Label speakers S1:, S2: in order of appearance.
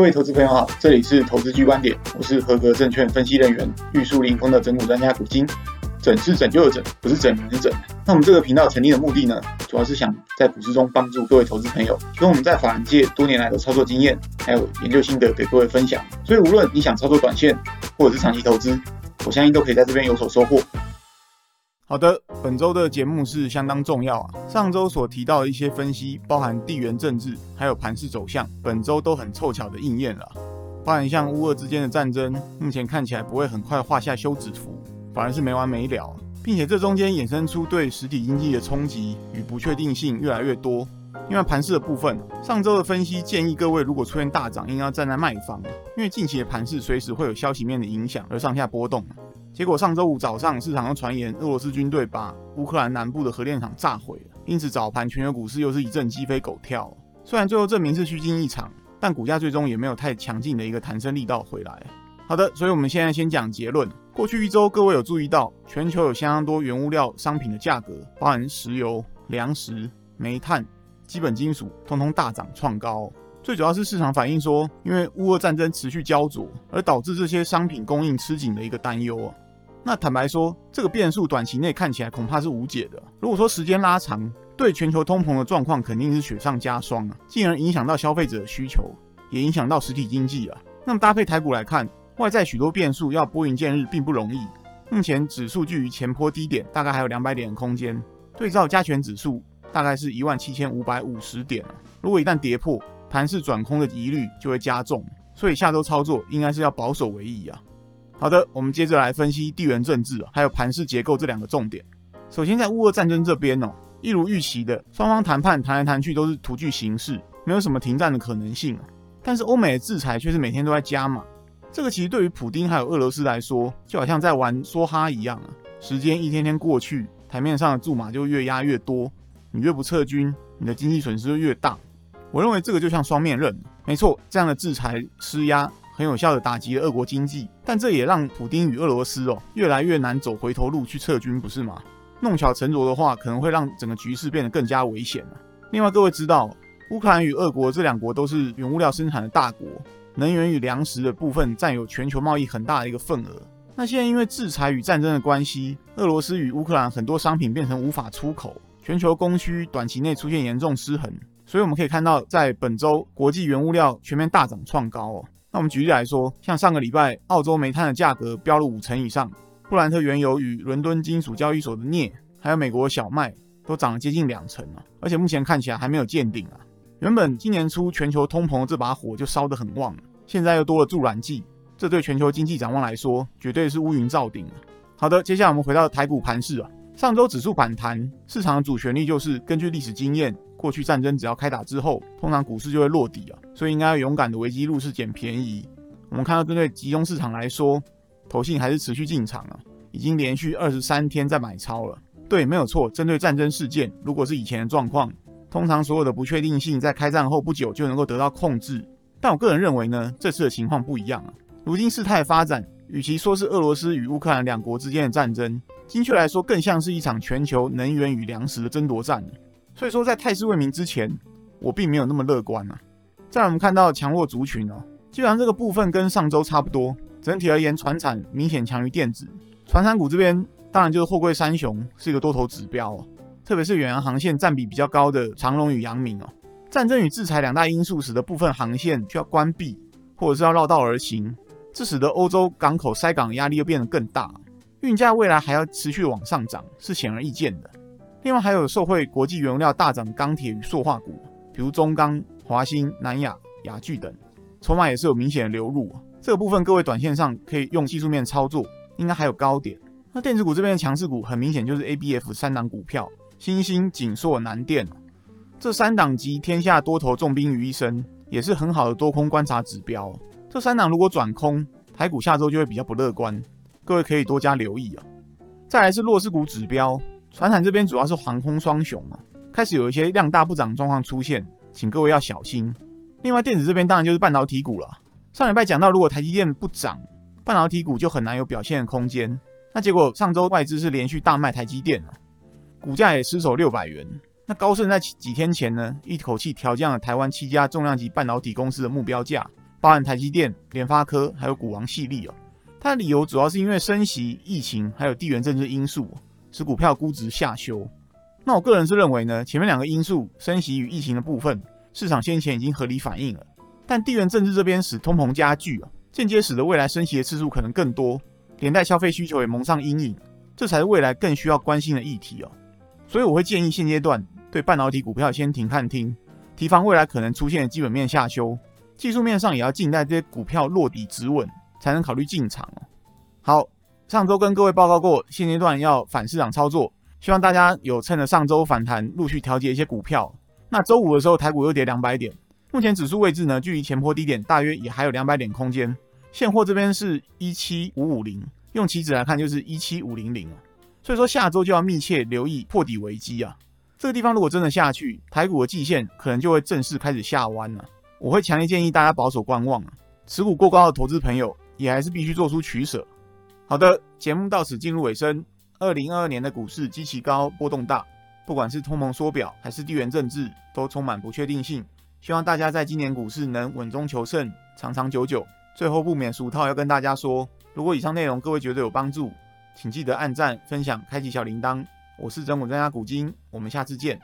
S1: 各位投資朋友好，這裡是投資 G 觀點，我是合格證券分析人員玉樹臨風的整股專家古今，整是拯救的整，不是整人的整。那我們這個頻道成立的目的呢，主要是想在股市中幫助各位投資朋友，用我們在法人界多年來的操作經驗，還有研究心得給各位分享。所以無論你想操作短線，或者是長期投資，我相信都可以在這邊有所收穫。好的，本周的節目是相當重要啊。上周所提到的一些分析，包含地緣政治，還有盤勢走向，本周都很湊巧的應驗了、啊。包含像烏俄之間的戰爭，目前看起來不會很快畫下休止符，反而是沒完沒了、啊，並且這中間衍生出對實體經濟的衝擊與不確定性越來越多。另外盤勢的部分，上周的分析建議各位，如果出現大漲，應該要站在賣方、啊，因為近期的盤勢隨時會有消息面的影響而上下波動、啊。結果上週五早上，市場又傳言俄羅斯軍隊把烏克蘭南部的核電廠炸毀了，因此早盤全球股市又是一陣雞飛狗跳。雖然最後證明是虛驚一場，但股價最終也沒有太強勁的一個彈升力道回來。好的，所以我們現在先講結論。過去一週，各位有注意到全球有相當多原物料商品的價格，包含石油、糧食、煤炭、基本金屬，通通大漲創高。最主要是市場反映說，因為烏俄戰爭持續膠著，而導致這些商品供應吃緊的一個擔憂啊。那坦白說，這個變數短期內看起來恐怕是無解的啊。如果說時間拉長，對全球通膨的狀況肯定是雪上加霜啊，進而影響到消費者的需求，也影響到實體經濟啊。那麼搭配台股來看，外在許多變數要撥雲見日並不容易。目前指數距離前波低點大概還有兩百點的空間，對照加權指數大概是一萬七千五百五十點啊。如果一旦跌破，盤勢轉空的疑慮就會加重，所以下周操作應該是要保守為宜啊。好的，我們接着來分析地緣政治啊，還有盤勢結構這兩個重點。首先，在烏俄戰爭這邊哦，一如預期的，雙方談判談來談去都是徒具形式，沒有什麼停戰的可能性啊。但是，歐美的制裁卻是每天都在加碼。這個其實對於普丁還有俄羅斯來說，就好像在玩梭哈一樣啊。時間一天天過去，台面上的注碼就越壓越多，你越不撤軍，你的經濟損失就越大。我認為這個就像雙面刃，沒錯，這樣的制裁施壓很有效的打擊了俄國經濟，但這也讓普丁與俄羅斯哦越來越難走回頭路去撤軍，不是嗎？弄巧成拙的話，可能會讓整個局勢變得更加危險啊，另外，各位知道烏克蘭與俄國這兩國都是原物料生產的大國，能源與糧食的部分占有全球貿易很大的一個份額。那現在因為制裁與戰爭的關係，俄羅斯與烏克蘭很多商品變成無法出口，全球供需短期內出現嚴重失衡。所以我們可以看到，在本周國際原物料全面大漲創高哦。那我們舉例來說，像上個禮拜，澳洲煤炭的價格飆了五成以上，布蘭特原油與倫敦金屬交易所的鎳，還有美國的小麥都漲了接近兩成啊！而且目前看起來還沒有見頂啊。原本今年初全球通膨的這把火就燒得很旺了，現在又多了助燃劑，這對全球經濟展望來說絕對是烏雲罩頂了。好的，接下來我們回到台股盤勢啊。上週指數反彈，市場的主旋律就是根據歷史經驗，過去戰爭只要開打之後，通常股市就會落底啊，所以應該要勇敢的維基入市撿便宜。我們看到針對集中市場來說，投信還是持續進場啊，已經連續二十三天在買超了。對，沒有錯，針對戰爭事件，如果是以前的狀況，通常所有的不確定性在開戰後不久就能夠得到控制。但我個人認為呢，這次的情況不一樣啊，如今事態發展。與其說是俄羅斯與烏克蘭兩國之間的戰爭，精確來說更像是一場全球能源與糧食的爭奪戰。所以說，在態勢未明之前，我並沒有那麼樂觀啊。再來我們看到強弱族群哦，基本上這個部分跟上周差不多。整體而言，傳產明顯強於電子。傳產股這邊當然就是貨櫃三雄是一個多頭指標，哦，特別是遠洋航線佔比比較高的長榮與陽明哦。戰爭與制裁兩大因素使得部分航線需要關閉，或者是要繞道而行。這使得歐洲港口塞港的壓力又變得更大，運價未來還要持續往上漲，是顯而易見的。另外還有受惠國際原料大漲，鋼鐵與塑化股，比如中鋼、華興、南亞、亞聚等，籌碼也是有明顯的流入。這個部分各位短線上可以用技術面操作，應該還有高點。那電子股這邊的強勢股，很明顯就是 A B F 三檔股票，欣興、景碩、南電，這三檔集天下多頭重兵於一身，也是很好的多空觀察指標。這三檔如果轉空，台股下周就會比較不樂觀，各位可以多加留意啊。再來是弱勢股指標，傳產這邊主要是航空雙雄啊，開始有一些量大不漲狀況出現，請各位要小心。另外電子這邊當然就是半導體股了啊。上禮拜講到，如果台積電不漲，半導體股就很難有表現的空間。那結果上周外資是連續大賣台積電啊，股價也失守六百元。那高盛在幾天前呢，一口氣調降了台灣七家重量級半導體公司的目標價。包含台積電、聯發科，還有股王矽力哦。它的理由主要是因為升息、疫情，還有地緣政治因素，使股票估值下修。那我個人是認為呢，前面兩個因素升息與疫情的部分，市場先前已經合理反應了。但地緣政治這邊使通膨加劇，間接使得未來升息的次數可能更多，連帶消費需求也蒙上陰影，這才是未來更需要關心的議題哦。所以我會建議現階段對半導體股票先停看聽，提防未來可能出現的基本面下修。技術面上也要靜待這些股票落底止穩，才能考慮進場。好，上周跟各位報告過，現階段要反市場操作，希望大家有趁着上周反彈，陸續調節一些股票。那周五的時候，台股又跌兩百點，目前指數位置呢，距離前波低點大約也還有兩百點空間。現貨這邊是一七五五零，用期指來看就是一七五零零。所以說下周就要密切留意破底危機啊，這個地方如果真的下去，台股的季線可能就會正式開始下彎了啊。我會強烈建議大家保守觀望，持股過高的投資朋友也還是必須做出取捨。好的，節目到此進入尾聲。二零二二年的股市極其高，波動大，不管是通膨縮表還是地緣政治，都充滿不確定性。希望大家在今年股市能穩中求勝，長長久久。最後不免俗套，要跟大家說，如果以上內容各位覺得有幫助，請記得按讚、分享、開啟小鈴鐺。我是正股專家股金，我們下次見。